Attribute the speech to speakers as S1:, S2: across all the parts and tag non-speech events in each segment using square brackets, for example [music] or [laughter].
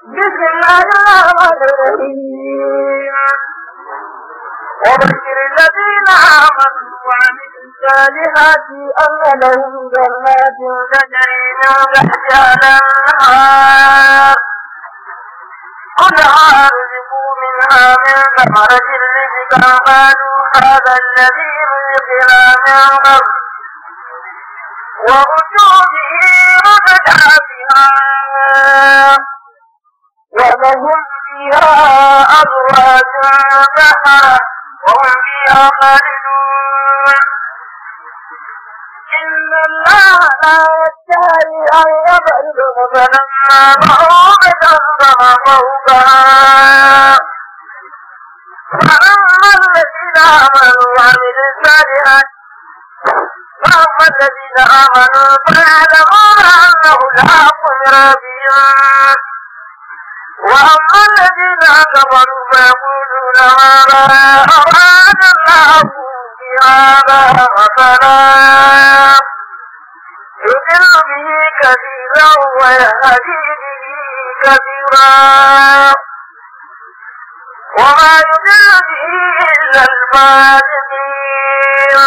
S1: بسم الله الرحمن الرحيم وبشر الذين آمنوا وعملوا الصالحات أن لهم جنات تجري من تحتها الأنهار قل رزقوا منها من ثمرة رزقا قالوا هذا الذي رزقنا من قبل وأتوا به متشابها ولهم فيها أزواج بحرة وهم فيها خالدون إن الله لا يستحي أن يبعده فلما رأوا بأسرها فوقها فأما الذين آمنوا وعملوا الصالحات فأما الذين آمنوا فيعلمون أنه الحق من ربهم وأما الذين كفروا فيقولون ماذا أراد الله في هذا مثلا يضل به كثيرا ويهدي به كثيرا وما يضل به إلا الفاسقين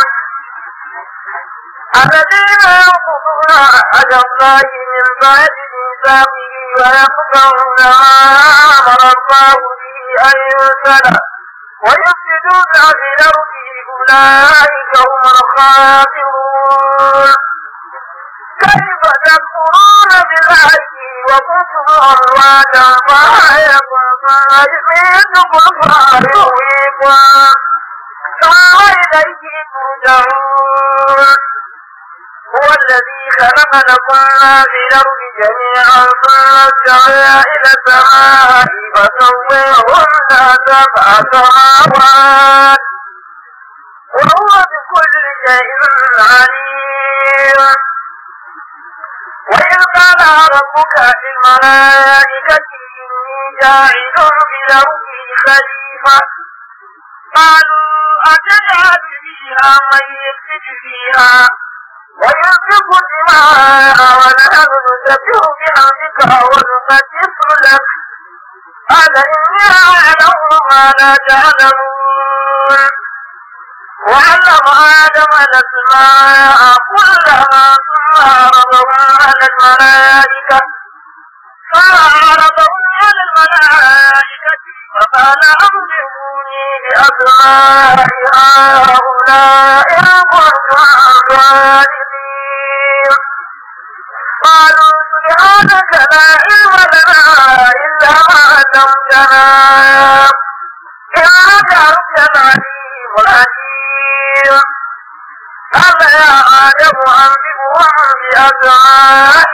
S1: الذين ينقضون عهد الله من بعد ميثاقه ويقطعون ما أمر الله به أن ينزل ويفسدون في الأرض أولئك هم الخاسرون كيف تكفرون بالله وكنتم أمواتا فأحياكم ثم يميتكم فيحييكم ثم إليه ترجعون هو الذي خلق لكم ما في الأرض جميعا ثم إلى السماء فسوهن سبع سماوات وهو بكل شيء عليم وإذ قال ربك للملائكة إني جاعل في الأرض خليفة قالوا أتجعل فيها من يفسد فيها ويسفك دماء ونحن نسبح بحمدك ونقدس لك قال إني أعلم ما لا تعلمون وعلم آدم الأسماء كلها ثم عرضهم على الملائكة فعرضه على الملائكة فقال أنبئوني بأسماء هؤلاء إن كنتم صادقين قالوا سبحانك لا علم لنا إلا ما علمتنا إنك أنت العليم الحكيم قال يا آدم أنبئهم بأسمائهم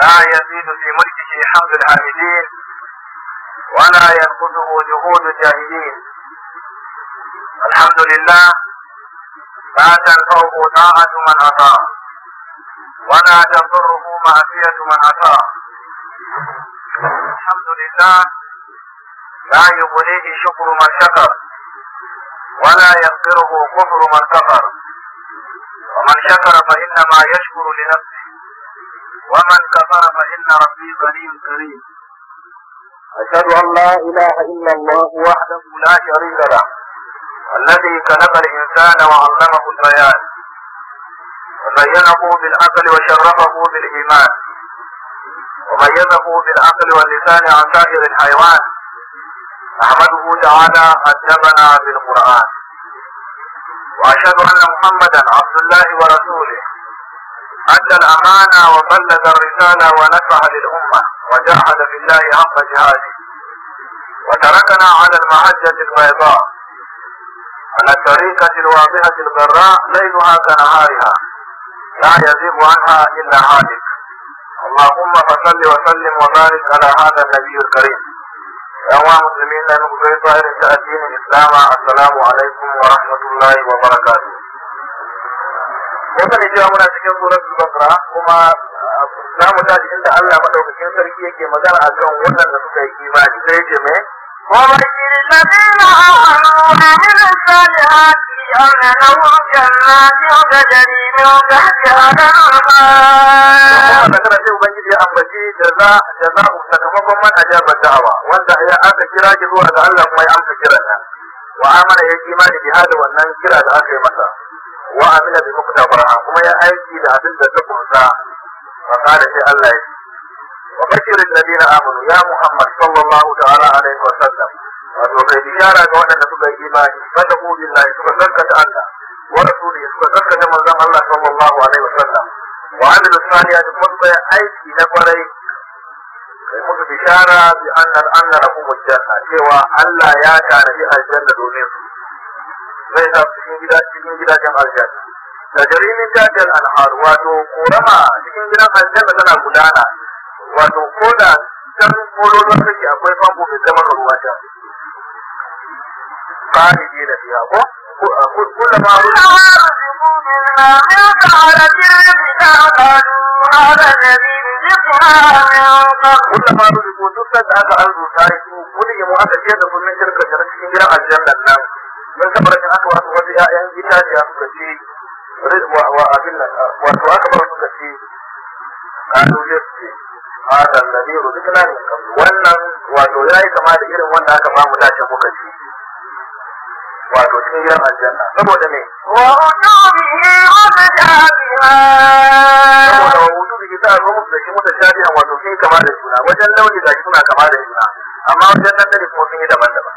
S2: لا يزيد في ملكه حمد العابدين ولا ينقذه جهود الجاهلين الحمد لله لا تنفعه طاعة من أطاع ولا تضره معصية من أطاع الحمد لله لا يغنيه شكر من شكر ولا يغفره كفر من كفر ومن شكر فإنما يشكر لنفسه ومن كفر فإن ربي غني كريم أشهد أن لا إله إلا الله وحده لا شريك له الذي خلق الإنسان وعلمه البيان وزينه بالعقل وشرفه بالإيمان وميزه بالعقل واللسان عن سائر الحيوان نحمده تعالى أدبنا بالقرآن وأشهد أن محمدا عبد الله ورسوله أدى الأمانة وبلغ الرسالة ونفع للأمة وجاهد في الله حق جهاده وتركنا على المحجة البيضاء على الطريقة الواضحة الغراء ليلها كنهارها لا يزيغ عنها إلا هالك اللهم فصل وسلم وبارك على هذا النبي الكريم يا مسلمين لا طائر الدين الإسلام السلام عليكم ورحمة الله وبركاته
S1: ya faɗi cewa muna cikin suratul basra kuma eh,
S2: za mu tashi inda Allah maɗaukakin sarki yake magana akan waɗanda suka yi imani sai yake
S1: mai وبشر الذين آمنوا وعملوا الصالحات أن لهم جنات تجري من تحتها الأنهار ya ambaci jaza jaza'u sakamakon man ajaba da'awa
S2: wanda ya aka kira ki zuwa ga Allah kuma ya amsa kiran nan wa amana wannan kira da aka yi masa wa amina bi muku tabara kuma ya aiki da abin da ta kunsa wa kana shi Allah ya wa bashirin ladina amanu ya Muhammad sallallahu ta'ala alaihi wa sallam to kai bishara ga da suka yi imani bada ubin lahi suka ta Allah wa rasuli suka zarkata manzon Allah sallallahu alaihi wa sallam wa amilu da kuma ya aiki na kwarai kai musu bishara bi annal annara kuma janna cewa Allah ya tanaji aljanna domin su zai sa cikin gida cikin gidajen aljanna da jarimin jajal al'ar wato korama cikin gidan aljanna tana gudana wato ko da can kololuwa kake akwai famfo da zama ruwa can bani ne da fiya ko kullum ma
S1: rufe kulla ma rubutu duk da aka arzuta shi
S2: wani mu aka ce da kullun shirka da cikin gidan aljanna Mun min rashin aka wasu wasu ƴaƴan itaciya suka ce wa
S3: abin nan wato aka bar suka ce kalu ya ce hada nadiru dukna min qabl wannan wato ya yi kama
S2: da irin wanda aka bamu mu dace muka ci wato cikin gidan aljanna saboda me
S1: wa ujubihi wa mutabima saboda wa ujubihi
S2: ta zo musu da shi mutashabihan wato sun kama da juna wajen launi da suna kama da juna amma wajen nan da kuma sun yi daban-daban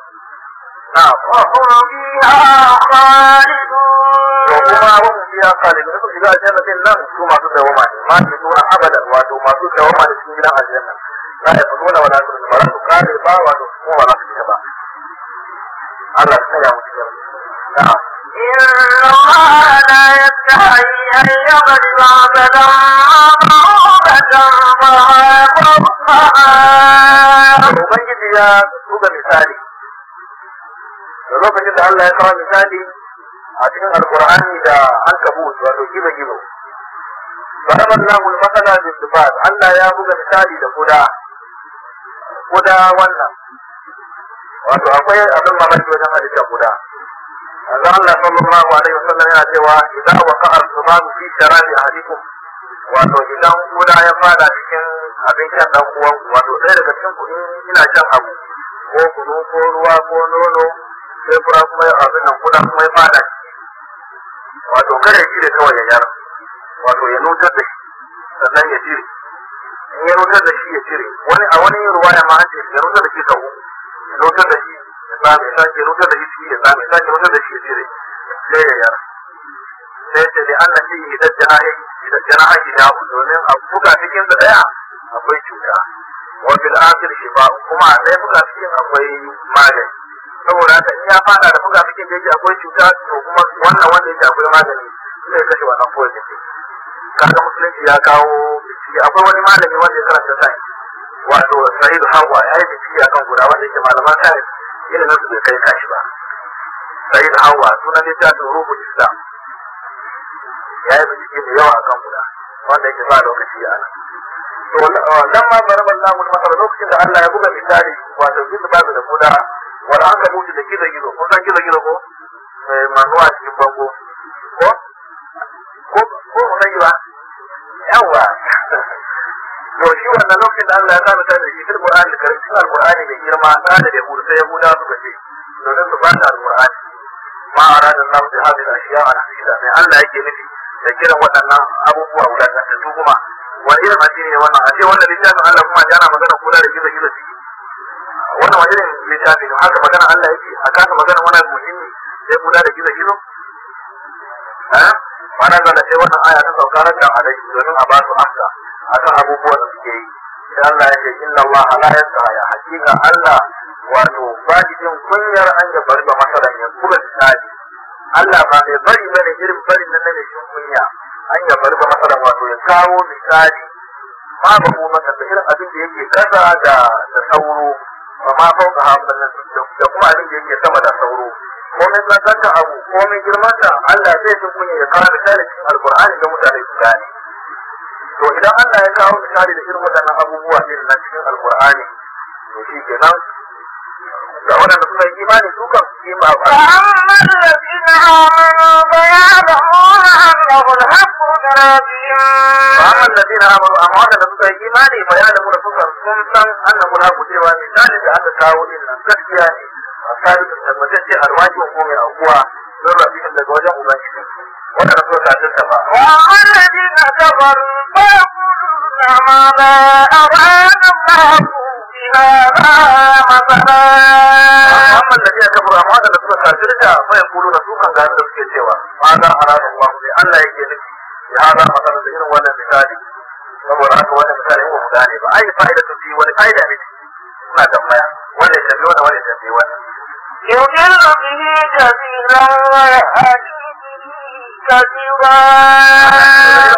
S2: وهم فيها خالدون وما هم فيها خالدون su shiga aljanna din nan su masu dawama ne ma abada wato masu da cikin
S1: gidan ya nuna wala ba za su kare ba wato kuma ba za su ba ya tsaya mu cikin
S2: da lokacin da Allah ya kawo misali a cikin alkur'ani da an kabut wato gizo gizo barabar namun masana bin dubas Allah ya buga misali da kuda kuda wannan wato akwai abin mamaki wajen halittar guda Allah Allah sallallahu alaihi wasallam yana cewa idan wa ka'ar tumam fi sharabi ahadikum wato idan guda ya fada cikin abin shan dan uwan wato ɗaya daga cikin kuɗi ina jan abu ko kunu ko ruwa ko nono sai fura kuma ya abin nan kuda kuma ya fada wato kada shi ne kawai ya yara wato ya nutar da shi sannan ya cire in ya nutar da shi ya cire wani a wani ruwaya ma an ce ya nutar da shi sau ya nutar da shi ya samu ya sake nutar da shi ya samu ya sake nutar da shi ya cire sai ya yara sai ce da Allah shi ya jana'i idan jana'i da domin a buga cikin da daya akwai cuta wa bil akhir shifa kuma a dai buga cikin akwai magani saboda haka in ya fada da buga cikin da yake akwai cuta to kuma wannan wanda yake akwai magani zai kashe wannan poison kaga musulunci ya kawo bincike akwai wani malami wanda ya karanta sai wato sahidu hawa ya yi a kan guda wanda yake malaman sai nan su bai kai kashi ba sahidu hawa sunan littafin ruhul islam ya yi bincike da yawa akan guda wanda yake ba lokaci a nan to uh, nan ma barabar namu da lokacin da Allah ya buga misali wato ba su da guda Wala an kamuci da gizo gizo ko san gizo gizo eh, ko mai manuwa cikin bango ko ko ko na yi ba yawa to shi wannan lokacin da Allah ya sa mutane da cikin Qur'ani da cikin Al-Qur'ani mai girma da da Yahudu sai
S3: Yahuda suka ce domin su ba da qurani ma arada Allah bi hadhihi al-ashya al-hasida mai Allah yake nufi da kiran waɗannan abubuwa guda ta kuma wani irin addini ne wannan a ce wannan
S2: littafin Allah kuma yana magana kula da gizo gizo cikin. wannan wani irin littafi ne haka magana Allah yake a kasa magana wannan muhimmi sai kula da gizo gizo eh? mana zana sai wannan aya ta sauka da alai domin a ba su a akan abubuwan da suke yi sai Allah ya ce inna Allah la yastaya hakika Allah wato ba jin kunyar an ya bari ba masalan ya da tsari Allah ba mai bari bane irin barin nan ne kunya an ya bari ba wato ya kawo misali babu kuma masa irin abin da yake kasa da da sauro amma fauka hafa da kuma abin da yake sama da sauro komai tsantsanta abu komai girmanta Allah zai ji kunya ya kawo misali cikin alkur'ani da mutane su gane to idan Allah ya kawo misali da irin waɗannan abubuwa irin na cikin alkur'ani to shi kenan ga waɗanda suka yi
S1: imani su kan su yi ma'a ba. Muhammad Rabbina amanu bayana muna annahu al-haqqu min rabbihim. Muhammad Rabbina amanu amma waɗanda suka yi imani
S2: bayana muna su sun san annahu al-haqqu cewa misali da aka kawo din nan gaskiya ne. A
S1: tsari da tabbatacce alwajin ko mai aukuwa don ba. na ma هذا مثلا
S2: أما الذين كفروا أما هذا نسبة تشركة فيقولون سوقا قائم نسكي سوى هذا أراد nufi. Ya يكيدك هذا da irin wannan misali.
S1: saboda haka wannan misali mu gane ba ai fa'ida ta biyu wani fa'ida ne ina wani wannan tafi wani wannan tafi wannan yu'illu bihi kabiran wa yahdi كثيرا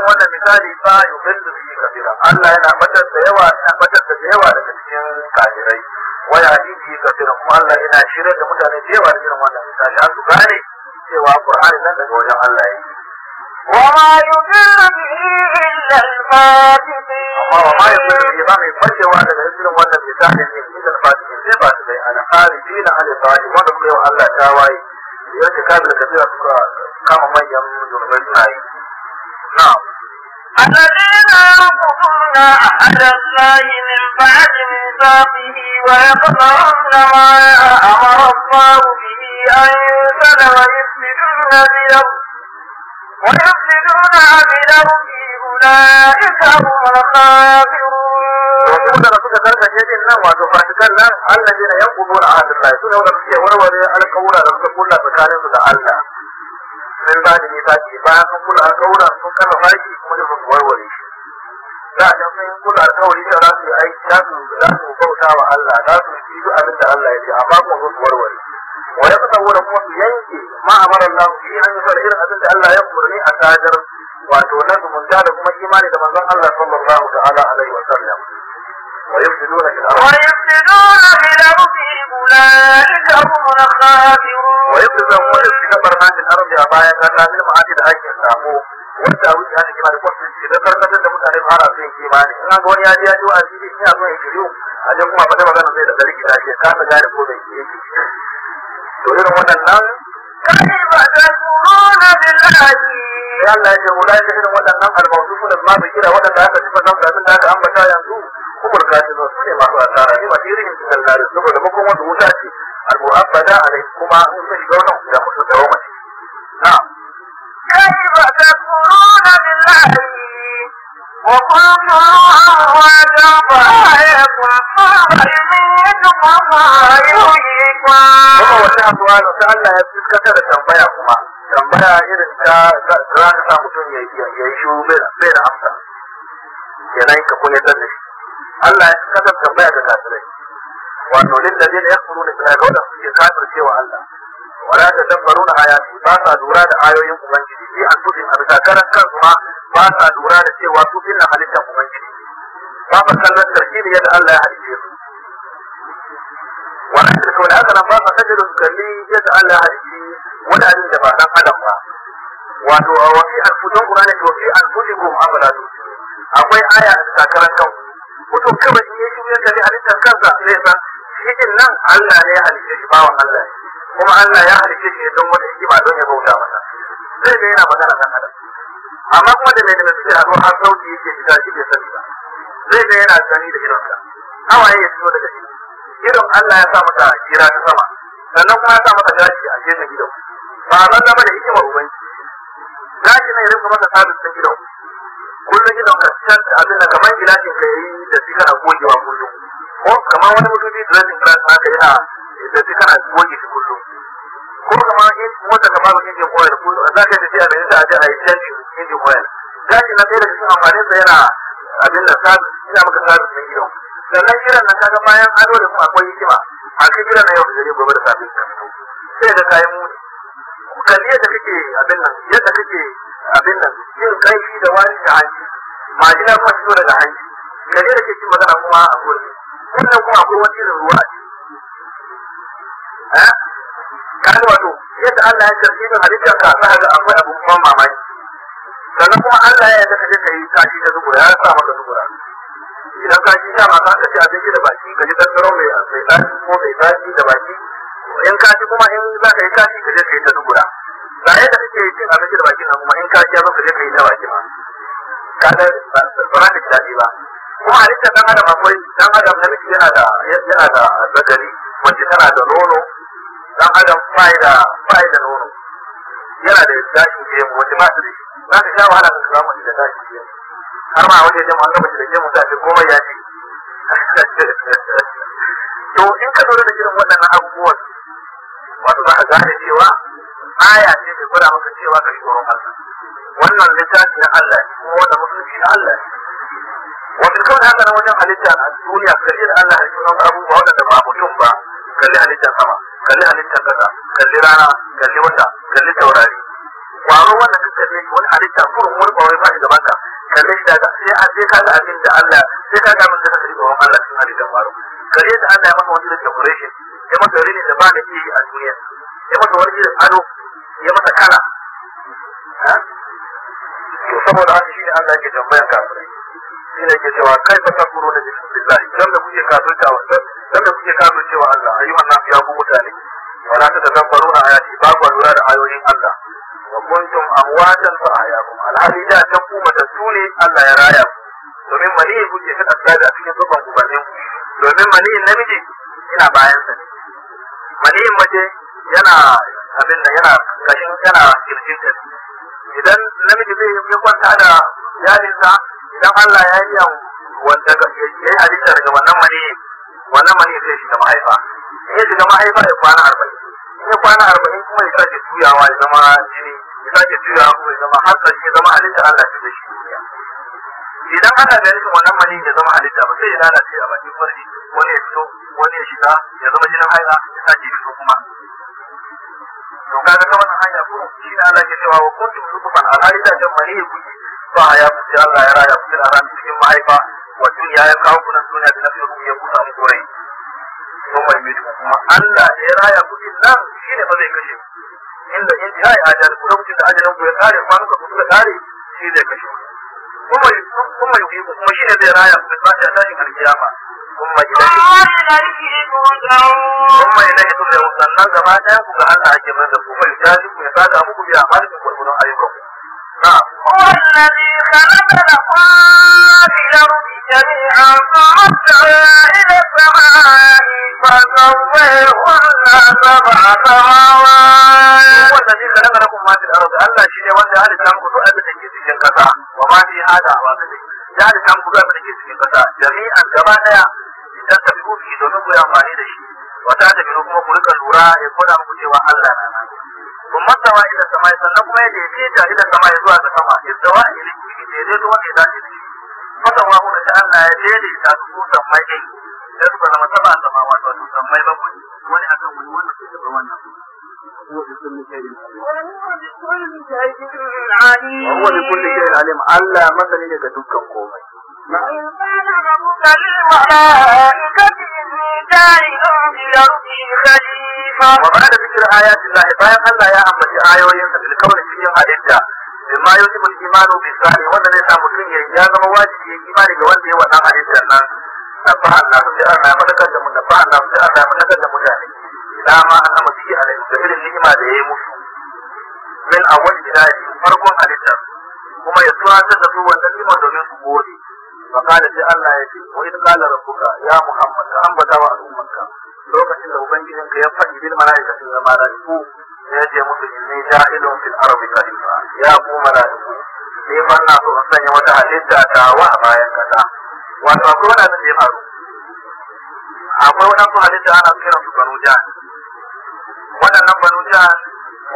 S1: wannan misali ba yudillu bihi kafira. Allah yana batar da
S2: yawa yana batar da yawa daga cikin kafirai waya yi kathira kuma Allah yana shirye da
S1: mutane da yawa irin wannan misali an gane cewa Qur'ani nan daga wajen Allah yake وما يضل به إلا الفاسقين
S2: وما يضل به ما من فجر وعد الهجر وعد الفتاح إلا الفاسقين سيبا سيئا أنا خارجين عن الطائف وعد الله تعالى يتكامل كثيرا kama manyan zurfin
S1: tayi na الذين ينقضون عهد الله من بعد ميثاقه ويقطعون ما امر الله به ان ينزل ويفسدون في ويفسدون في اولئك هم الخاسرون da suka karkace din nan wato fasikan nan na yankudu na ahadin lai su ne
S2: wanda suke warware alƙawura da suka kulla tsakaninsu da Allah min ba da ke, bayan sun kula alƙawura sun kama fashi kuma da su warware shi za a sun kula alƙawari da za su yi aiki za su za su bauta wa Allah za su yi duk abin da Allah ya ce amma kuma su warware wa ya fata kuma su yanke ma amara Allah su yi da irin abin da Allah ya umarni a sadar wato na zumunta da kuma imani da manzon Allah sallallahu ta'ala alaihi wa sallam ويفسدون في الأرض
S1: ويفسدون في الأرض أولئك هم الخاسرون ويفسدون ولا
S2: استكبر ما في الأرض أبايا كان من معاتي لأجل السابو wanda a wuce hannun kimanin kwasu da karkatar da mutane a fiye in ya ji ya ji ya a je kuma ba ta magana zai da dalili da ke kasa gane ko bai ke to irin waɗannan كيف تكفرون بالله Allah ya ce ulai irin waɗannan almautu kullum ma su kira waɗanda aka tafi nan ga abin da aka ambata yanzu kuma ka ce su ne masu asara ne ba su irin su sallari saboda makon wata wuta ce al-mu'abbada alai kuma in sun shiga wannan da mutu da wamace
S1: na'am كيف تكفرون بالله Kuma wannan abuwa da ta Allah ya fuskanta
S3: da
S2: tambaya kuma, tambaya sa mutum ya yi shi bai da amsa, yanayin ka da Allah ya fuskanta tambaya ga wato lillazina ya kuru ne ga wanda suke
S3: kafir cewa Allah. ta dabbaru na hayati ba sa lura da ayoyin ubangiji bi an tudin
S2: a bisa karan kansu ma ba sa lura da cewa su na halittar ubangiji ba fa kallon tarkibi yadda Allah ya halice su wannan da kawai haka nan ba sa tajirun kalli yadda Allah ya halice wani abin da ba dan adam ba wato wa fi alfudun qur'ani wa fi alfudikum abladu akwai aya a bisa karan kansu wato kawai in yi shi wuyan kalli halittar kansa zai san shi nan Allah ne ya halice shi bawa Allah ne kuma Allah ya halice shi don wata hikima don ya bauta masa zai ga yana magana kan adam amma kuma da mai da mai suke haɗuwa har sauki yake fita shi bai sani ba zai ga yana sani da irinsa hawaye ya fito daga shi irin Allah ya sa masa jira ta sama sannan kuma ya sa masa gashi a gefen gidan ba a zama da hikimar ubanci gashi ne rinka masa sabis ta gidan kullum gidan ka can abin da kamar gilashin ka yi da shi kana gogewa kullum ko kamar wani mutum bi gilashin gilashin haka yana da ta kana wanke shi kullum ko kuma in wata ka babu injin oil ko za ka tafi a mai ta aje a yi canji injin oil gashi na ɗaya da cikin amfanin sa yana abin da sabi ina
S3: maka sabi mai gidan sannan gidan nan kaga bayan ado da kuma akwai hikima a kai gidan na yau da dare gobe da safe
S2: ka fito sai da kayan muni kalli yadda kake abin nan yadda kake abin nan yin kai da wani da hanci majina kuma fito daga hanci kaje da kake magana kuma a wannan kuma akwai wani irin ruwa a ciki kan wato yadda Allah ya karfi da halittar ka za ga akwai abu kuma mamaki
S3: sannan kuma Allah ya yarda ka je ka yi kaji da zubura ya sa maka zubura idan ka ji dama ka kace a cikin da baki ka ji tattaro mai mai ko
S2: mai kaji da baki in ka ji kuma in za ka yi kaji ka je ka yi ta zubura ba yadda kake yi cin abinci da baki bakin kuma in ka ji ka je ka yi ta baki ma ka da tsoron da kaji ba kuma halittar dan adam akwai dan adam namiji yana da yana da zakari mace tana da nono ba da ba da nono yana da gashin gemu wace ma da shi za ka sha wahala ka samu da gashin gemu har ma wani jama'a ga mace da gemu ta ce komai ya ce [laughs] to in ka lura da irin waɗannan abubuwan wato za ka gane cewa aya ce ta gwada maka cewa ka shigo Allah wannan littafi na Allah ne kuma wanda musulmi na Allah ne wanda kawai haka nan wajen halitta a duniya kalli da Allah ya shigo abubuwa waɗanda ba mutum ba kalli halittar sama kalli halittar kasa kalli rana kalli wata kalli taurari kwaro wanda duk da yake wani halitta kurun wani kwaro ba shi gaban ka kalli shi daga sai an sai kaga abin da Allah sai kaga abin da kake gaban Allah cikin halittar kwaro kalli da Allah ya masa wani irin decoration ya masa wani da ba da ke a duniya ya masa wani irin ado ya masa kala saboda haka shi ne Allah ke tambayan kafirai shi ne ke cewa kai fa ta kuro da jikin billahi dan da kuke kafirta wa dan da kuke kafircewa Allah ayyuhan nas ya ku mutane wala ta tazabbaruna ayati ba ku lura da ayoyin Allah wa kuntum amwatan fa ahyakum alhali da ta ku matattu ne Allah ya raya ku domin mani kuke ta tsada a cikin zuban ubannin ku domin mani namiji yana bayan sa ne mani mace yana abin da yana kashin yana kirjin idan namiji zai yi kwanta da yarinsa idan Allah ya yi yan wanda ya yi halitta daga wannan mani wannan mani zai shiga mahaifa in ya shiga mahaifa ya kwana arba'in in ya kwana arba'in kuma ya sake juyawa ya zama jini ya sake juyawa kuma ya zama har ya zama halitta Allah ce da shi duniya idan ana ganin wannan mani ya zama halitta ba sai ya lalace a bakin farji wani ya fito wani ya shiga ya zama jinin haila ya
S3: sake fito kuma to kaga ta wannan hanya ko shi ne Allah ke cewa wa kuntum
S2: tukuman alhali da jan mani ya kuke fa ya ku Allah ya raya ku a ran cikin mahaifa wa duniya ya kawo ku nan duniya da nafi ku ya kusa muku rai to mai mai kuma Allah da ya raya ku din nan shine ba zai kashe ku inda in jihai ajal ku lokacin da ajalin ku ya kare kwanuka ku suka kare shi zai kashe ku kuma kuma yi kuma shine zai raya ku da tashin alkiyama
S1: kuma ilaihi kuma ilaihi tuzawun sannan gaba ɗaya ku ga Allah ake mai da kuma ya tashi ku ya saka muku biya amalikum gurgurun ayyukanku هو الذي خلق لكم في الأرض جميعا فأرجع إلى السماء فسويهن سبع سماوات هو الذي خلق لكم ما في الأرض ألا شيء وأن أهل الإسلام كل
S2: أبدا يجيز الجنة وما في هذا وأبدا يجيز الإسلام كل أبدا يجيز الجنة جميعا كما idan ka biyu bi domin ku yi amfani da shi wata ta biyu kuma ku rika lura ya koda muku cewa Allah na sun masawa ila sama sannan kuma ya daidaita ila sama ya zuwa ga sama istawa ila kiri daidaito wanda ya dace da shi masawa kuma ta Allah ya daidaita su san mai da suka zama taba a sama wato su sammai bakwai wani akan wani wanda ke taɓa wannan وهو بكل شيء
S1: عليم وهو بكل شيء
S2: عليم الله مثلا لك دكان وبعد ذكر آيات الله بايع الله يا أما في آية وينسى الكون في حديثة bima yusibu al-imanu bi sari wanda zai sa mutum ya zama wajibi ya imani ga wanda ya wadan hadisin nan نبه الله بأن ملكتهم نبه الله بأن ملكتهم يعني لا ما أنعم به عليه سبيل النعمة ليه من أول بداية farkon عليهم kuma ya tuwatar da su wannan nima domin su gode fa kana sai Allah ya ce wa in qala rabbuka ya muhammad an bada wa al'ummanka lokacin da ubangijin ka ya faɗi bil malaikatu da malaiku ya je musu inni ja'ilun fil ardi khalifa ya ku malaiku ni fa na so in sanya wata halitta ta wa a bayan kasa wato akwai wani da ya faru akwai waɗansu halitta ana kira su banu jihar waɗannan banu jihar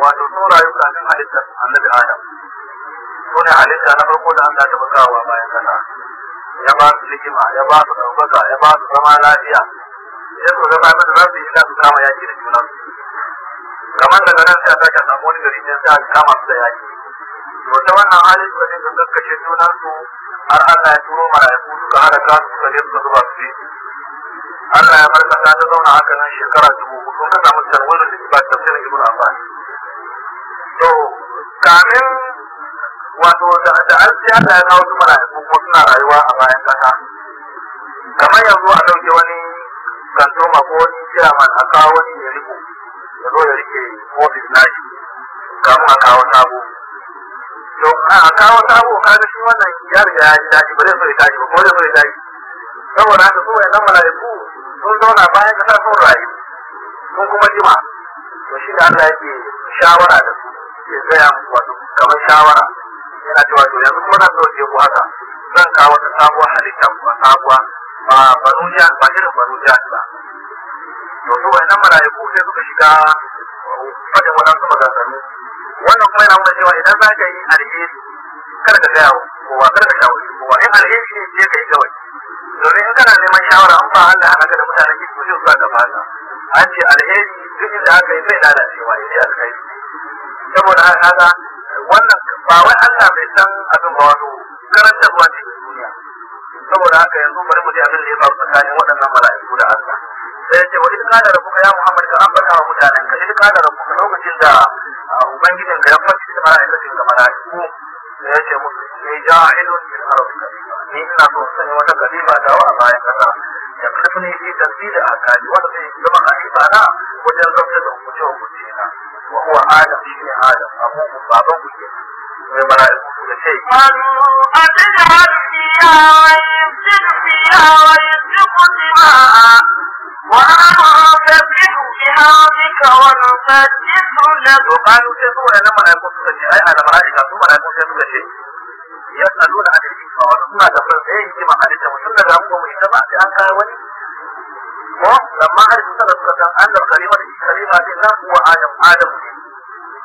S2: wato sun rayu kafin halittar annabi adam su ne halitta na farko da Allah ta bukawa bayan kasa ya ba su hikima ya ba su ɗaukaka ya ba su zama lafiya ya su zama abin za su yi su kama yaƙi da junan kamar daga nan sai a sake samu wani gari sai a kama su da yaƙi to wannan halin da ne suka kashe junan su har Allah ya turo mala'iku suka halaka su suka da suka zuba su Allah ya bar kasa ta zauna haka nan shekara dubu hudu ka samu tarwar da ba tafsirin ibn Abbas to kamin wato da da arzi Allah ya kawo su mala'iku ko suna rayuwa a bayan kasa kamar yanzu a ɗauke wani kantoma mako, wani chairman a kawo wani ya riko ya zo ya rike ofis nashi kamun a kawo sabo to a kawo sabo ka da shi wannan ya ya yi daɗi ba zai so ya tashi ba zai so ya tashi saboda haka su wayannan mala'iku sun zauna bayan kasa sun rayu sun kuma jima to shi da Allah yake shawara da su ya tsaya wato kamar shawara yana cewa to yanzu kuma na ɗauke ku haka zan kawo wata sabuwar halitta ba sabuwa ba banuja ba irin banuja ba to su wayannan mala'iku sai suka shiga fadin waɗansu maganganu wannan kuma yana nuna cewa idan za ka yi alheri kar ka gaya kowa kada ka shawarci kowa in alheri ne je ka yi kawai domin in kana neman shawara an ba Allah haka da mutanen kirki yau za ka fata an ce alheri duk inda aka yi zai lalacewa ya ce alheri saboda haka wannan ba wai Allah bai san abin ba wato karantarwa ce duniya saboda haka yanzu bari mu ji abin da ya faru tsakanin waɗannan mala'iku da Allah sai yace wa idka da rabbuka ya Muhammad ka ambata wa
S3: mutanen ka idka da rabbuka lokacin da ah, ubangijin ka ya faɗi da mala'ikatin ka mala'iku sai
S2: yace musu ni ja'ilun min arabika ni ina so sani wata kalifa da wa bayan kasa ya kasance ni tasbih da akali wanda zai zama kalifa na wajen zafta da hukunce hukunce na wa huwa adam shi ne adam abubuwan baban ku kenan Wani? Ko?
S1: Lamma har suka da suka san Allah kalima da shi kalima din nan kuwa Adam Adam ne.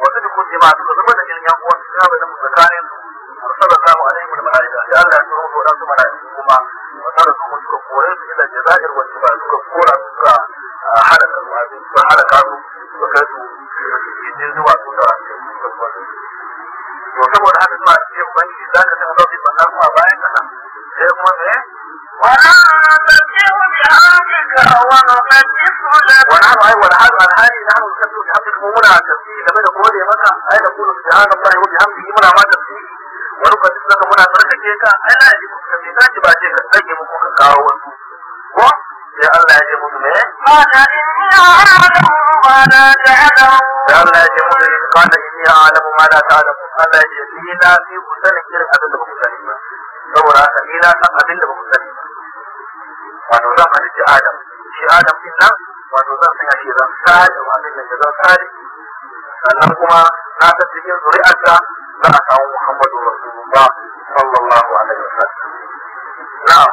S1: wasu da kun jama'a suka zama da yan yan uwan su zama da tsakanin su sallallahu alaihi wa mala'ika da Allah ya tsoro ko da su mala'iku kuma wata da su suka kore su ila jazair wa ba suka kora suka halaka su abin su halaka su suka su jirgin zuwa su da to saboda haka zuwa ce ubangiji za ka san zafi sannan kuma bayan ka sai kuma me wala tasbihu bi hamdika wa nuqaddisu lak wala ai wala hadu alhali na hanu sabbu bi hamdika mu muna tasbihi game da gode maka ai da kullu subhanallahi wa bihamdihi muna ma tasbihi
S2: wa nuqaddisu lak muna tsarkake ka ai la ilaha illa anta ba ce ka tsage mu ko ka kawo wasu ko sai Allah ya ce musu me
S1: ma ta sai Allah ya ce
S2: musu in kana inni a'lamu ma la ta'lamu Allah ya ce ni na fi ku sanin irin abin da ba ku san abin da ba ku ba wato zan halitta Adam shi Adam din wato zan sanya shi zan sadi wato ne zan sannan kuma na san cikin zuri'arsa za a samu Muhammadu Rasulullah sallallahu alaihi wasallam na'am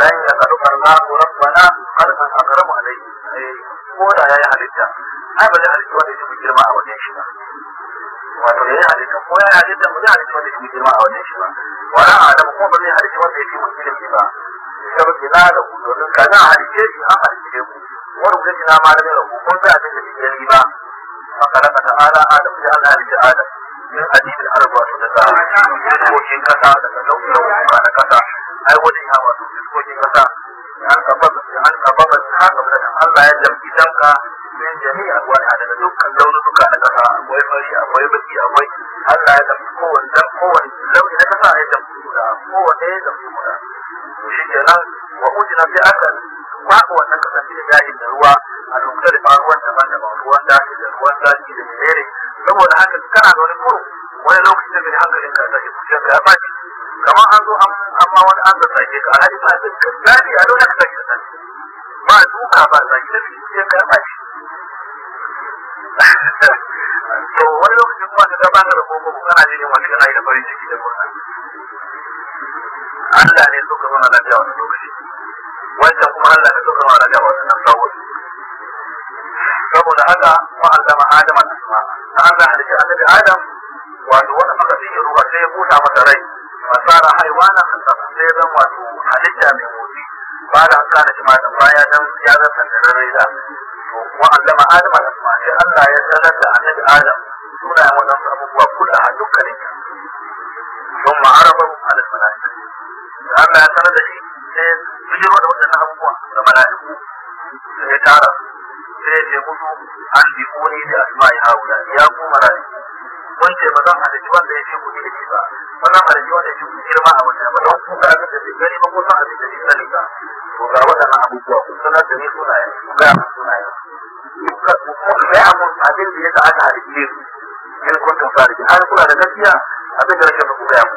S2: lan ya karu Allahu rabbana qad an akramu alayhi ko da yayi halitta ai ba halitta wanda yake girma a wajen shi ba wato yayi halitta ko yayi halitta ba zai halitta wanda yake girma a wajen shi ba wala adam ko ba halitta wanda yake mun ilimi ba sabu kina da ku domin kana halitta shi an halitta ku wani gudu na ma da ku kun ga abin da yake riba فخلق تعالى آدم جعل آل آدم من حديد ko وسدسها وشين كسادة jami'a wata daga dukkan launuka na kasa akwai fari akwai baki akwai Allah ya tafi kowane dan kowane launi na kasa ya tafi guda kowane ya tafi guda to shi nan wa ujina sai aka kwaɓa wannan kasan cikin yayin da ruwa a lokacin da ruwan daban-daban ruwan da daji da ruwan daji da mere saboda haka kana da wani kuro wani lokacin da mai hankalin ka ta fuskar ka ya ɓaci kamar an zo an ma wani an ke ka a hadisa ka gadi a lokacin Allah ya dora wa da wannan saboda saboda haka wa allama adama asma Allah annabi adam wato wanda suka yi ruwa sai ya buta masa rai masara haiwana hatta sai ya zama wato halitta mai motsi ba da haka da jama'a baya dan ya zama da rai da wa allama adama asma sai Allah ya sanar da annabi adam
S3: da Allah ya sanar da shi sai bijiro da waɗannan abubuwa da mala'iku sai tara sai ya mutu an bi kuni
S2: da asma'i haula ya ku mala'iku kun ce ba zan halitta wanda ya fi ku ne da shi ba wannan halitta wanda ya fi ku girma a wajen ba don ku ga abin da bai gani ba ko san abin da bai sani ba to ga waɗannan abubuwa ku sanar da ni sunayen ku ga mu sunayen ku ga mu abin da ya sa aka halitta su in kuntum sadiqin har kula da gaskiya abin da nake muku ga mu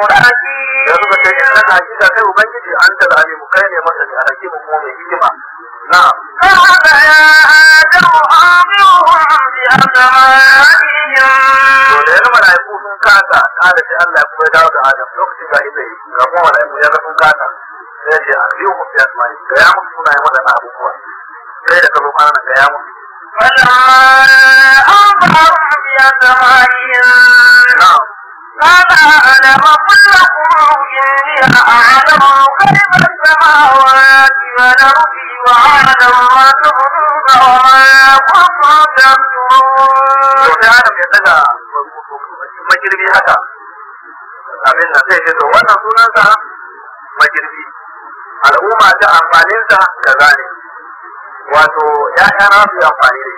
S2: murati ya suka ce in naka hakika kai ubangiji an ta zalimu mu kai ne masa da hakimu kuma mai hikima na'am
S1: qala ya adamu amiruhum bi amwalihim to da yana
S2: malaiku sun kasa kada sai Allah ya kuma dawo da Adam lokacin da ibe ga kuma ya ga sun kasa sai ce a biyu mu fiya mai ga ya mutu sunaye waɗannan abubuwa sai da karo kana ga ya mutu فلما
S1: أنظرهم بأسمائهم قال أنا رب لكم إني أعلم غيب السماوات والأرض وأعلم ما تبدون وما كنتم تكتمون.
S2: abin da sai ce wannan sunansa magirbi al'umma ta amfaninsa da wato ya'ya na su amfani da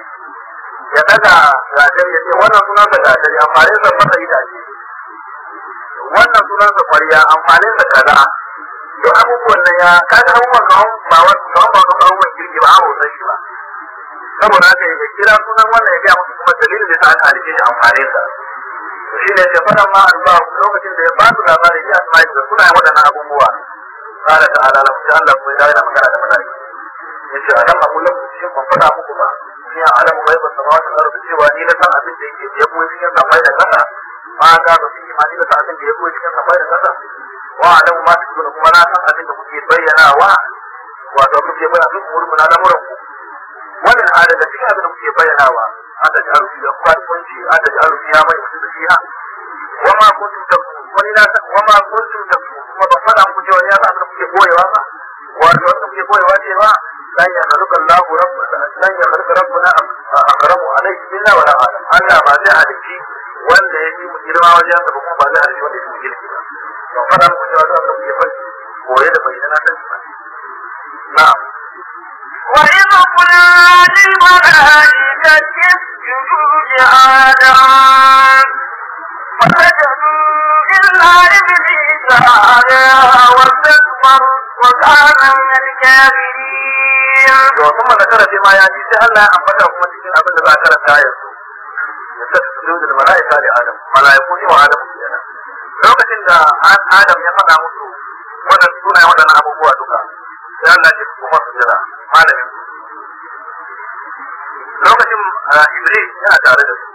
S2: ya daga gajar ya ce wannan sunansa gajar amfaninsa fasa itace wannan sunan da kwariya amfanin da kaza to abubuwan nan ya kaga abubuwan kawon ba wani ba wani abubuwan kirki ba abu san shi ba saboda haka ya kira sunan wannan ya gaya musu kuma dalilin da ta aka halice shi amfanin sa to shi ne ya faɗa ma alba lokacin da ya ba su labarin ya asma da suna waɗannan abubuwa qala ta'ala Allah ta'ala kuma ya da magana da ce yace alam aqulu shin ban faɗa muku ba ni a'lamu ghaiba samawati wata ardi cewa ni na san abin da yake ya kuma cikin samai da kasa. ma ga ba su imani da abin da ya koyi cikin safai da kasa wa alamu ma su gudun kuma na
S3: san abin da kuke bayyanawa wato kuke bayyana duk wurin mu na lamuran ku wannan halin da cikin abin da kuke bayyanawa aka ji arufi da kuma kunci aka ji arufi ya mai mutum da fiha wa ma kuntum da wani na san wa ma kuntum da kuma ban faɗa muku cewa ya san abin da kuke koyewa ba wato da kuke koyewa
S2: ne ba لن يخلق الله رب لن يخلق ربنا أقرب عليه منا ولا أعلم أنا ما زي عليكي wanda ya fi mu girma wajen da kuma ba za a wanda ya fi girki ba to fara muku cewa za ku yi fanki koye da bayyana kan ba na'am
S1: وإذ قلنا للملائكة اسجدوا لآدم فسجدوا إلا إبليس أبى واستكبر وكان من الكافرين bayan da wasu mazakara sai ma ya ji sai Allah ya ambata kuma cikin abin da za a karanta ya sa su da mala'ika da Adam mala'iku ne wa Adam kenan lokacin da Adam ya faɗa musu wannan yi waɗannan abubuwa duka sai Allah ya kuma su jira malamin lokacin Ibrahim
S2: yana tare da su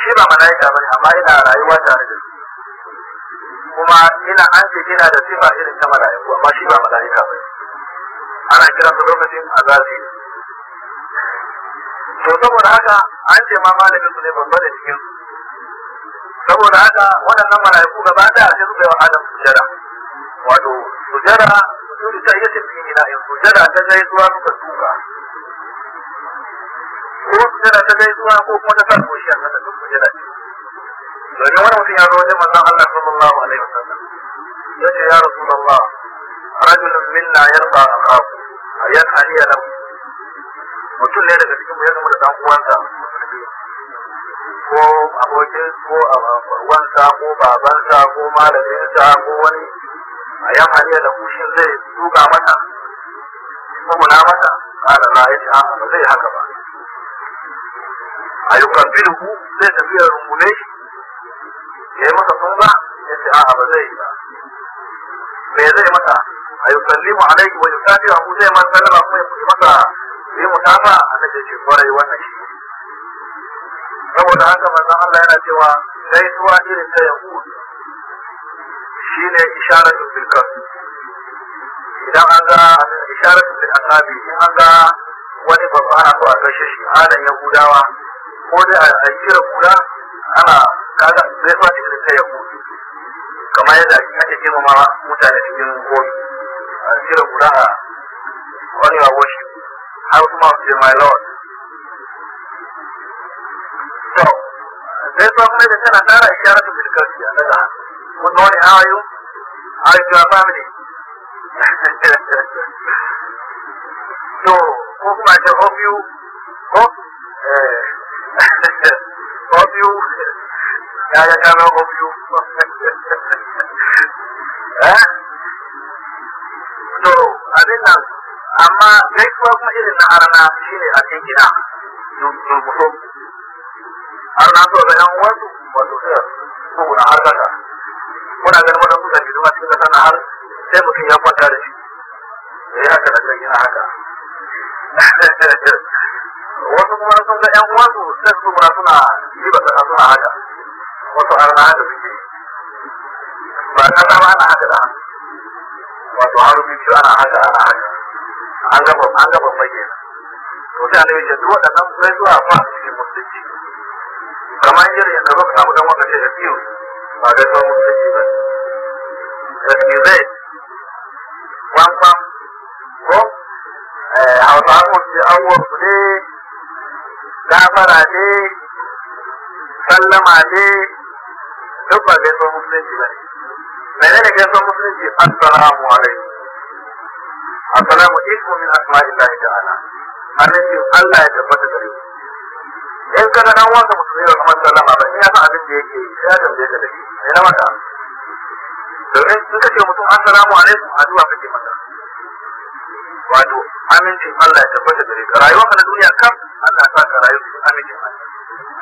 S2: shi ba mala'ika ne, amma ina rayuwa tare da su kuma ina an ce ina da sifa irin ta mala'iku amma shi ba mala'ika bane ana kira su lokacin azazi to saboda haka an ce ma malamin su ne babba da cikin saboda haka waɗannan mala'iku gaba ɗaya sai suka yi wa adam sujada wato sujada sujudi ta iya tafi na in sujada ta zuwa suka tuka ko sujada ta zuwa ko kuma ta sarko shi a kasa ta sujada ce domin wani mutum ya zo wajen manzon Allah sallallahu alaihi wasallam ya ce ya rasu Allah rajul minna yalqa akahu ayan aniya lahu mutum ne daga cikin mu ya gamu da dan uwansa ko abokin ko wansa ko babansa ko malaminsa ko wani A yan aniya lahu shin zai duka mata tsuguna mata kada na yi ce ba zai haka ba a yi kamfilhu zai tafi a rungume shi ya yi masa tsumba ya ce a'a ba zai yi ba me zai mata? a yi sallimu alaihi wa yusafi wa kuma zai man sallama kuma ya fi masa zai mutafa a na jeji kwarai wannan shi saboda haka manzan Allah yana cewa gaisuwa irin ta yahud shine isharatu bil kasb idan an ga isharatu bil asabi in an ga wani babba ana so a kashe shi adan yahudawa ko dai a kira kula ana kaga gaisuwa irin ta yahud kamar yadda ake girmama mutane cikin kofi until Buddha Only I worship. Have mercy, my Lord. So, sai sa kuma da tana tara iyara ta filkarci a daga wani Are you ayu your family [laughs] so ko hope you hope eh, [laughs]
S1: hope you yeah, ya ya hope you [laughs] eh? to abin nan amma gaisuwa kuma irin na arana shine a kan gida durbuto
S2: arna so da yan wasu wato sai su guda har kasa muna ganin wani kusa da zuwa cikin kasa na har sai mutum ya kwanta da shi ya eh, haka da kan yana haka [laughs] wasu kuma sun ga yan wasu sai su guda suna yi ba suna haka wasu arna haka suke ba kasa ba na haka da haka wato har biyu ana haka ana haka an gaba an gaba fage to sai annabi ce duk waɗannan sai zuwa fa cikin musulunci kamar irin ka zo ka samu dan wanda ce da biyu ba da sauran musulunci ba da gaske zai kwan ko eh, hausa an wuce an wuce ne gafara ne sallama ne duk ba zai sauran musulunci ba ne menene gaisuwar musulunci assalamu alaikum assalamu alaikum min asma'illahi ta'ala annabi Allah ya tabbata gare ku in ka ga dan wanka musulmi da kuma sallama ba in ya san abin da yake ya tambaye ka da shi ne na mata domin in ka ce mutum assalamu alaikum addu'a kake mata wato amincin Allah ya tabbata gare ka rayuwa ka na duniya kam Allah sa ka rayu cikin amincin Allah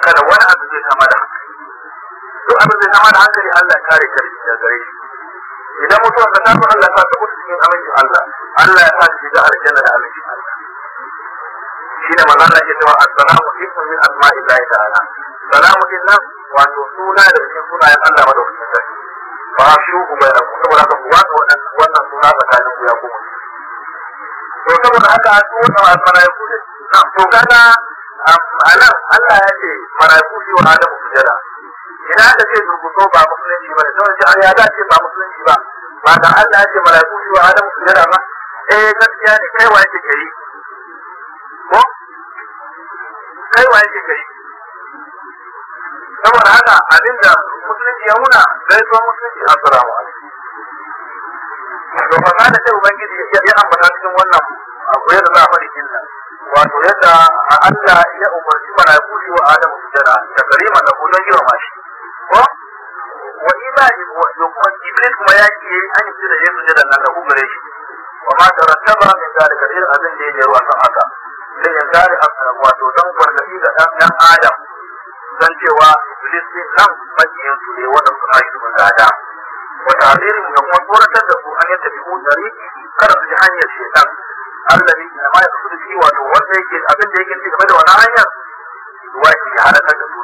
S2: kada wani abu zai sama da hankali duk abin zai sama da hankali Allah ya kare ka da gare shi idan mutum ka tafi Allah sa ta cikin amincin Allah Allah ya sa ka shiga aljanna da amincin Allah shine manzo Allah ya ce wa assalamu alaikum min asma'illahi ta'ala salamu illah wato suna da cikin sunayen Allah madaukakin sarki ba shi ku bayan ku saboda ka kuwa wannan suna tsakanin ku ya kuma to saboda haka su wata malaiku to kaga a nan Allah ya ce malaiku shi wa Adamu sujada ina aka ce durkuso ba musulunci ba da sauran an za dace ba musulunci ba ba da Allah ya ce malaiku shi wa Adamu sujada ba eh gaskiya ne kai wa yake kai ko kai wa yake kai saboda haka abinda musulunci ya nuna zo musulunci assalamu alaikum to fasada ce ubangiji ya ambata cikin wannan abu yadda za a faɗi kin wato yadda a Allah ya umarci malaiku yi wa Adamu sujada da karima da ko don girma shi ko wa imani wa kuma iblis kuma ya ki yayi an sujada ya sujada nan da gugure shi wa ma tarattaba min zalika ir abin da ya jero akan haka sai ya zari wato dan gargadi ga dan Adam dan cewa iblis din nan majiyin su ne wanda suna yi gada wa ta'dirin da kuma tsoratar da su an yadda bi dari kada su ji hanyar shaytan allazi ya ma yaqsudu fi wa wato wanda yake abin da yake game da wannan hanyar Wai wa yake halaka da su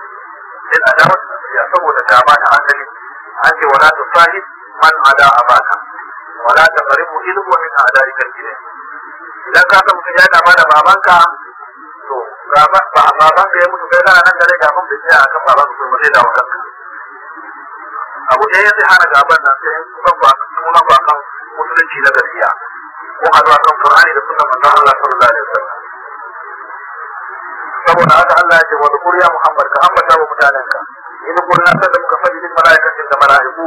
S2: din adama ya saboda dama ta asali an ce wala tusahib man ada abaka wala taqribu ilmu min adaika al-ilm idan ka san mutum ya dama da babanka to ga babanka ya mutu kai kana nan da rai ga mun bincike akan babanka to zai dawo kanka abu ɗaya ya zai hana gaban nan sai mun ba mun ba kan musulunci na gaskiya ko a zuwa kan Qur'ani da sunnar manzon Allah sallallahu alaihi wasallam saboda haka Allah ya ce wa kuriya Muhammad ka ambata wa mutanenka in kurna ta da muka faɗi duk mala'ikatin da mala'iku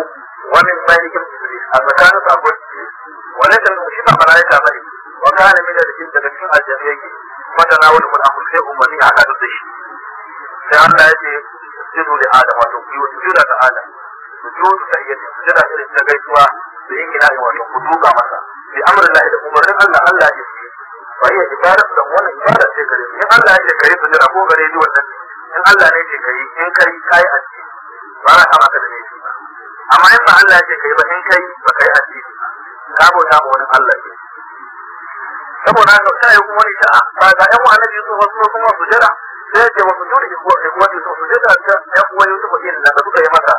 S2: wa min bainikum a tsakanin sabon wani da shi ba mala'ika bane wa kana min da daga cikin aljanna yake mata na wani mun amur sai umarni a hada da shi sai Allah ya ce sujudu li adam wato ku yi sujuda ga adam sujud da yake sujada irin ta gaisuwa da yake na yi wato kuduka masa bi amrin lahi da umarnin Allah Allah ya ce fa iya ibada da wannan ibada ce gare
S3: in Allah ya ce kai sujada ko gare ni wannan in Allah ne ya ce kai in kai kai addini ba za ka da laifi ba amma in ba Allah ya ce
S2: kai ba in kai ba kai addini ka bauta ma wani Allah ne saboda haka ta yi kuma ni ta ba ga ƴan annabi Yusuf wasu kuma sujada sai ya ce wa sujudi ikhwani Yusuf sujada ta ƴan uwan Yusuf din da suka yi masa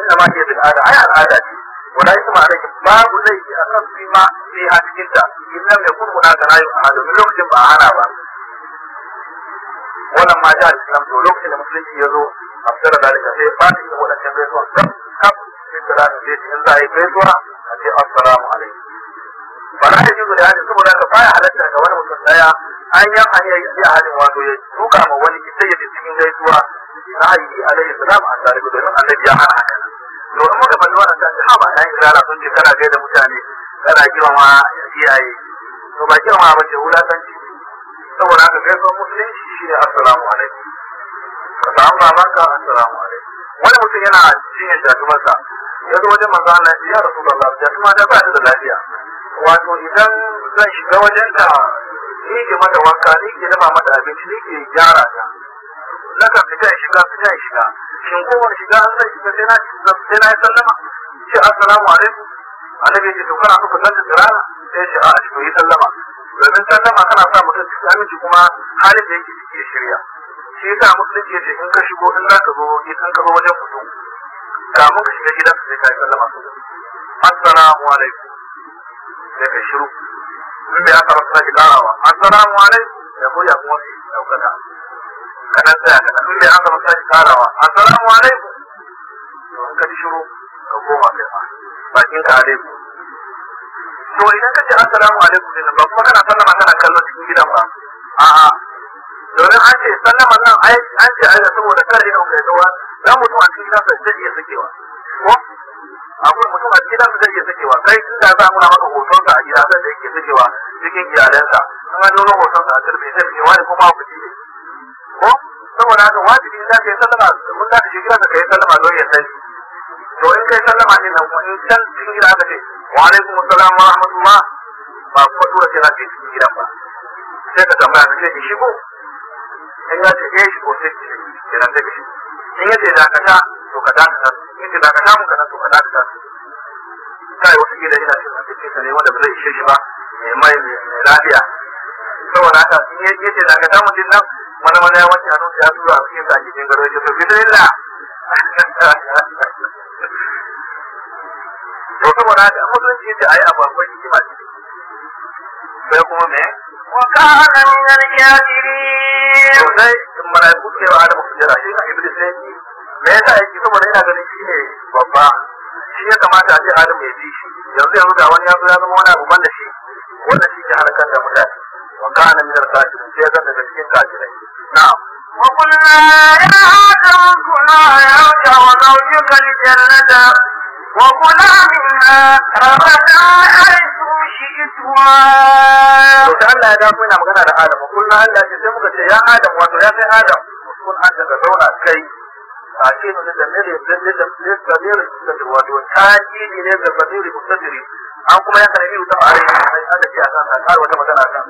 S2: inna ma hiya bid'a ai al'ada ce wala isma alayhi babu laifi a kan su ma sai ha cikin ta in kurkuna ga hunaka la yu'ana domin lokacin ba hana ba wannan ma da islam to lokacin da musulunci ya zo a fitar da dalika sai ba ta yi wadannan gaisuwa kaf kaf sai da zai in za a yi gaisuwa a ce assalamu alaikum wala ya ji guda ne saboda ka baya halatta ga wani mutum daya an yi an yi a halin wato ya duka ma wani ita ya cikin gaisuwa na aiki alaihi salam a tare domin annabi ya hana haka to in muka faɗi wannan tashi ha ba
S3: na yin kira sun ce kana da mutane kana girma iyaye to ba girma ba ce
S2: wulatanci saboda haka gaisuwar musulunci shine assalamu alaikum ka samu babanka assalamu alaikum wani mutum yana cinye shatumarsa ya zo wajen manzo Allah ya rasu da Allah shatuma ba ta da lafiya wato idan zan shiga wajenta, ni ke mata wanka ni ke dafa mata abinci ni ke gyara ta na kan fita in shiga fita in shiga shin kowane shiga an zai shiga sai na sai na yi sallama ce assalamu alaikum annabi ya ce to kana so ka da tsirara sai ce a shi yi sallama domin sallama kana sa mutum cikin aminci kuma halin da yake ciki ya shirya shi yasa musulunci ya ce in ka shigo in za ka zo in ka zo wajen mutum kamun ka shiga gidan sai ka yi sallama assalamu alaikum sai ka shiru in bai aka rasa ki karawa assalamu alaikum ya koya kuma sai daukaka kanan tsaya ka tafi da an gama sake karawa assalamu alaikum ka ji shiru ka koma kai ma bakin ka alaikum to idan ka ce assalamu alaikum din ba kuma kana sallama kana kallon cikin gidan ba a'a domin an ce sallama nan an ce aida saboda kar ina kai tsawa dan mutum a cikin gidansa zai iya sakewa ko akwai mutum a cikin gidansa zai iya sakewa kai tun da za a nuna maka sa a sa da yake sakewa cikin iyalansa in an hoton sa a turbe zai fi wani kuma abu ne ko saboda haka wajibi ta kai sallama mun da shi kira ka kai sallama don ya sai to in kai sallama ne nan kun can cikin gida aka ce wa alaikum assalam wa rahmatullah ba kwatu da na ce cikin gida ba sai ka tambaya ka ce ki shigo in ya ce eh shigo sai ki shigo kenan sai ka shigo in ya ce dakata to ka dakata in ce dakata mun ka to ka dakata kai wata gida ina ce ka ce ne wanda ba zai ishe shi ba mai mai lafiya saboda haka in ya ce dakata din nan mana mana ya wanke hannun ya tura a cikin sa cikin garo ya tafi da illa to saboda da mutunci yace ayi abu akwai hikima ce sai kuma me
S1: wa kana min al-kafirin to sai
S2: malaiku ce wa adam ku da shi ka iblis ne me yasa yake saboda ina ganin shi ne babba shi ya kamata a ce adam ya bi shi yanzu yanzu ga wani ya zo ya zama wani abu ban da shi wannan shi ke harkar da mutane wa kana min al-kafirin sai zan daga cikin kafirin
S1: وقلنا يا آدم اسكن أنت وزوجك الجنة وكلا منها رغدا حيث شئتما da Allah ya
S2: dafa yana magana da Adam kullum Allah ce sai muka ce ya Adam wato ya kai Adam kun an daga zauna kai a ce ne da da da da an kuma ya karbi wuta a rai sai da ce a kan ta wata magana kan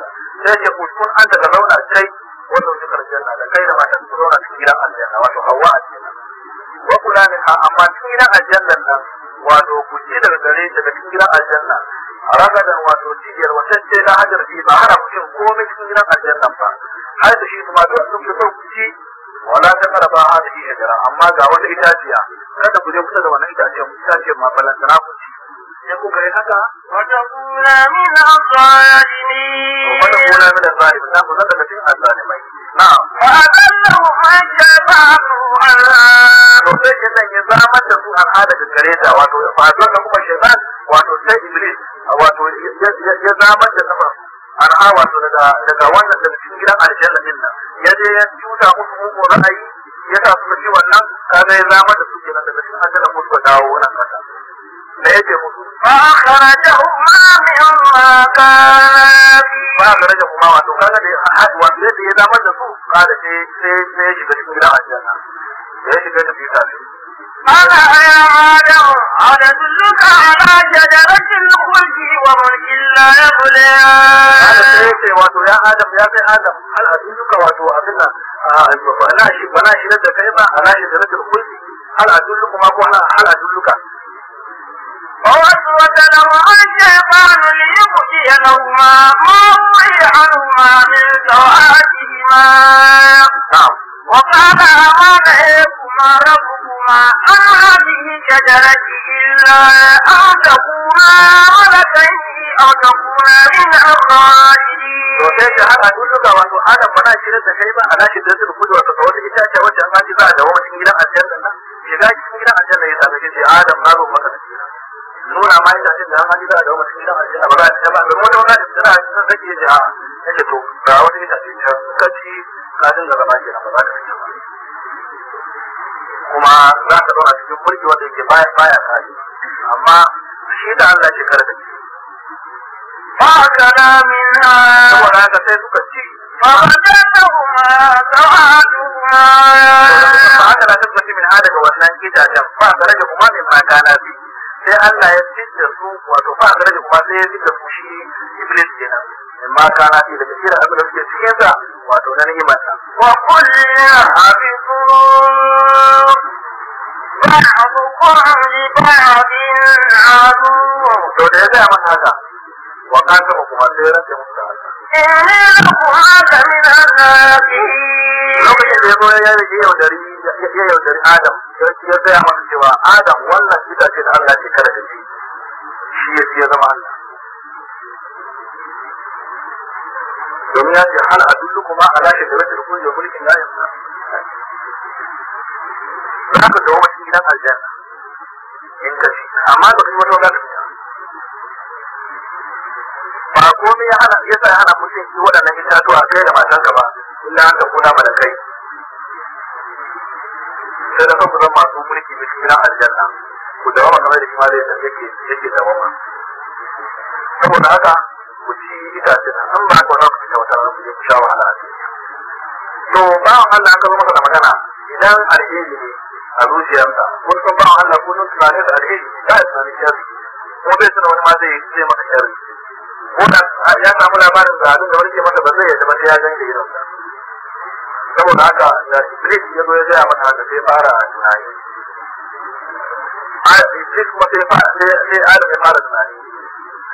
S2: sai ce kun an daga zauna sai. wanda karshen aljanna da kai da mata su zauna cikin gidan aljanna wato hawa aljanna. cikin wa kula min ha amma cikin gidan aljannan nan wato ku ci daga gare daga cikin gidan aljanna ragadan wato cibiyar wacce na hajar bi ba hana kuɗin komai cikin gidan aljannan ba har da shi kuma duk sun fi ku ci wala ta kada ba ha da shi shajara amma ga wata itaciya kada ku je kusa da wannan itaciyar itaciyar ma balantana ku ci
S1: sai kuka yi haka wata kuna min asalimi wata kuna min asalimi na ku zaka cikin asalimai na fa adallu Ba jaba'u Allah to
S2: sai shedan ya zama da su al'ada da gare ta wato fa kuma shedan wato sai iblis wato ya zama da sama al'awa to daga daga wannan daga cikin gidan aljanna din nan ya je ya tuta musu mugun ra'ayi ya sa suka ci wannan kaga ya zama da suke nan daga cikin hajjar mu suka dawo wannan kasa da kuma musu
S1: ma akhrajahuma mimma kana
S2: ma akhrajahuma wato kaga da hajj wato yadda ya zama da su kaga sai sai shiga cikin gidan aljanna ya shiga da ne
S1: قال يا آدم هل أدلك على شجرة الخلد وملك لا يبليان قال سيدي واتو يا آدم يا بني آدم هل أدلك واتو أبنا
S2: فأنا شيء فأنا شيء لدى كيما أنا شجرة الخلد هل أدلك ما قلنا هل أدلك
S1: فوسوس لهما الشيطان ليبدي لهما ما وقي عنهما من سوآتهما نعم وَقَالَ عَلَيْكُمْ مَا رَبُّكُمَا أَنَا هَذِهِ شَجَرَةِ إِلَّا أَعْتَقُونَا وَلَكَيْهِ أَعْتَقُونَا مِنْ أَرْضَانِهِ Sosai haka duk ga wato Adam ba na shirin da kai ba a nashi da zai kudu wata wata ita ce wacce an haji za a dawo cikin gidan aljanna na shiga cikin gidan aljanna ya sami shi Adam babu maka da nuna ma ita ce da an hali za a ga wata gidan
S2: aljanna ba za a ci ba domin wata wata tana cikin zaki ya ce a yake to ga wata ita ce ta suka ci ka dinga zama ke ba za ka rage kuma za ka zauna cikin mulki wanda yake baya baya amma
S1: shi da Allah shi kare da ba ka na. min ha saboda haka sai suka ci فوجدهما سوعدهما
S2: فأكل تبت من هذا وأن إذا جفا درجهما مما كان فيه sai Allah ya fidda su wato ba da kuma sai ya fidda su shi iblis kenan ma kana fi da
S1: kira abin da suke cikin sa wato na ni'imar sa wa qul ya habibu ba'dukum li ba'din adu to da ya ga masa haka wa kana kuma sai ya rage musu haka
S2: eh lakum hada min azabin lokacin da ya zo ya yi rage yaudari ya yaudari Adam ya gaya masa cewa Adam wannan itace da Allah ke kada kace shi ya ya zama Allah domin ya ce hana a hal adullukum ala shajaratil khuldi wa mulkin la yamut za ka zama cikin gidan aljanna in ka ci amma ba kai wata wadata ba komai ya hana ya sa hana mutum ki waɗannan itatuwa kai da matanka ba illa an ta kuna kai. sai da kanku zan masu mulki da cikin aljanna ku dawo ma kamar da shi zai da yake yake dawo ma saboda haka ku ci itace an ba ku na ku ta wata ku je ku sha wahala to ba wa Allah ka zo maka da magana idan alheri ne a zuciyarsa kun san ba wa Allah ko nan tunanin da alheri ba ya tunanin sharri kuma bai tuna wani ma zai zai maka sharri ko da ya samu labarin da abin da wani ke masa ba zai yadda ba sai ya ganga irinsa saboda haka da iblis ya zo ya gaya mata haka sai fara tunani a iblis eh, kuma sai fara sai adam ya fara tunani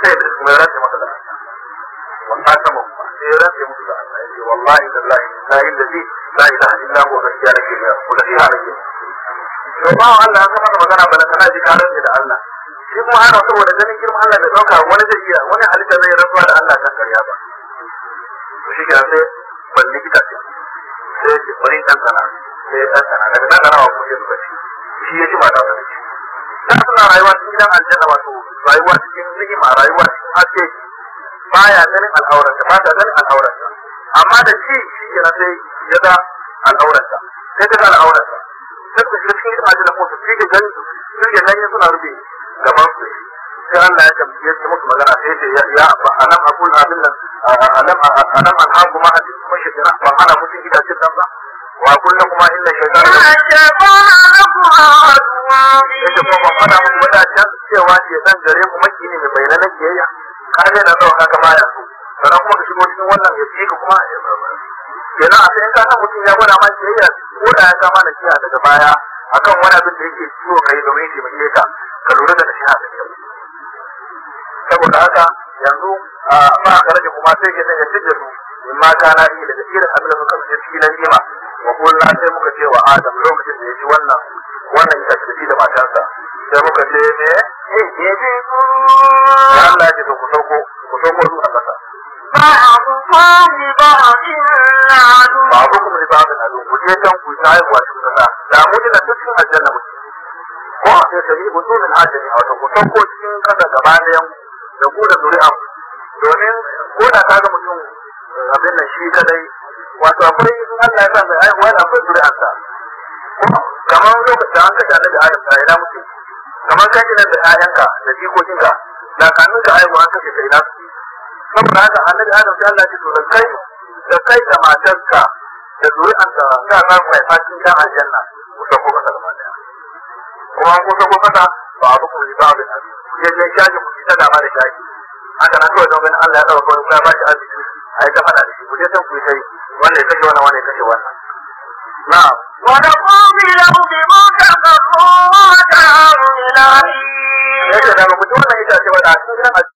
S2: sai iblis kuma ya rantsa masa da wanda sama kuma sai ya rantsa musu da Allah ya ce wallahi tallahi la ilaha la ilaha illa huwa gaskiya nake ga ku da iya nake to ba Allah ya masa magana bala kana ji ka rantsa da Allah shi kuma ana saboda ganin girman Allah da dauka wani zai iya wani halitta zai rantsuwa da Allah kan karya ba to shi ke sai ban likita ce sai ya ce bari dan sana sai ya dan sana daga ɗan sana wa kuma suka ce, shi ya ci mata ta ci ta suna rayuwa cikin gidan aljanna wato rayuwa cikin ni'ima rayuwa cikin haske ya ganin al'auranta ba ta ganin al'auranta amma da ci shi ke na sai ya ga al'auranta sai ta ga al'auranta sai ta shiga cikin ni'ima da kuma su ci ga ganin su ya ganin suna rufe gaban su sai Allah ya tabbata ya muku magana sai ce ya abba alam aqul abin nan alam alam an hagu ma hadis kuma shi kira ban hana mutum gidajen nan ba wa kullu kuma inna shaytana yace ko kuma fada muku wata can cewa shaytan gare ku maki ne mai bayyana kiyayya kar ne na dauka ka baya. so sannan kuma ka shigo cikin wannan ya fi ka kuma eh, eh, eh, kenan a sai ka san mutum ya gwada ma kiyayya ko da ya kama na kiyaya daga baya akan wani abin da yake ciwo kai domin ya mai ka ka lura da nasiha da kyau saboda haka yanzu a ma karaje kuma sai ke sanya fidda su in ma kana yi daga irin abin da suka
S3: fice ciki na nima wa kullu sai muka ce wa adam lokacin da ya ci wannan wannan ita ce da matarsa sai muka ce me. eh eh bi
S2: ku Allah ya ku sauko ku sauko zuwa kasa
S1: ba'du qali
S3: ba'din
S2: adu ba'du kuma ba'din adu ku je can ku tayi wa cikin kasa da mu ina cikin aljanna mu ko sai ta yi gudun
S3: hajji a wata ku sauko cikin kasa gaba da yanku da ku da zuri'a domin
S2: ko da ka ga mutum abin nan shi kadai wato akwai in Allah ya sa mai aihuwa da akwai zuri'arsa kamar lokacin da an kashe annabi Adam ta ina mutum kamar kai nan da ƴaƴanka da jikokinka da kanin ka aihuwa an kashe ka ina su saboda haka annabi Adam sai Allah ya ce da kai da kai da matarka da zuri'arka za ka mai fatin kan aljanna kusan ko kasa gaba daya kuma an kusa ko kasa ba a rukuni ba a bin ya je ya ji kuɗi ta dama kawai don ganin Allah ya ɗaura kawai ba shi arziki a yi ta da shi ku ku wannan ya kashe wannan wannan ya kashe wannan.
S1: lau
S3: bi mu kafa kowa ta ilahi. Ya ce da wannan ita ce a cikin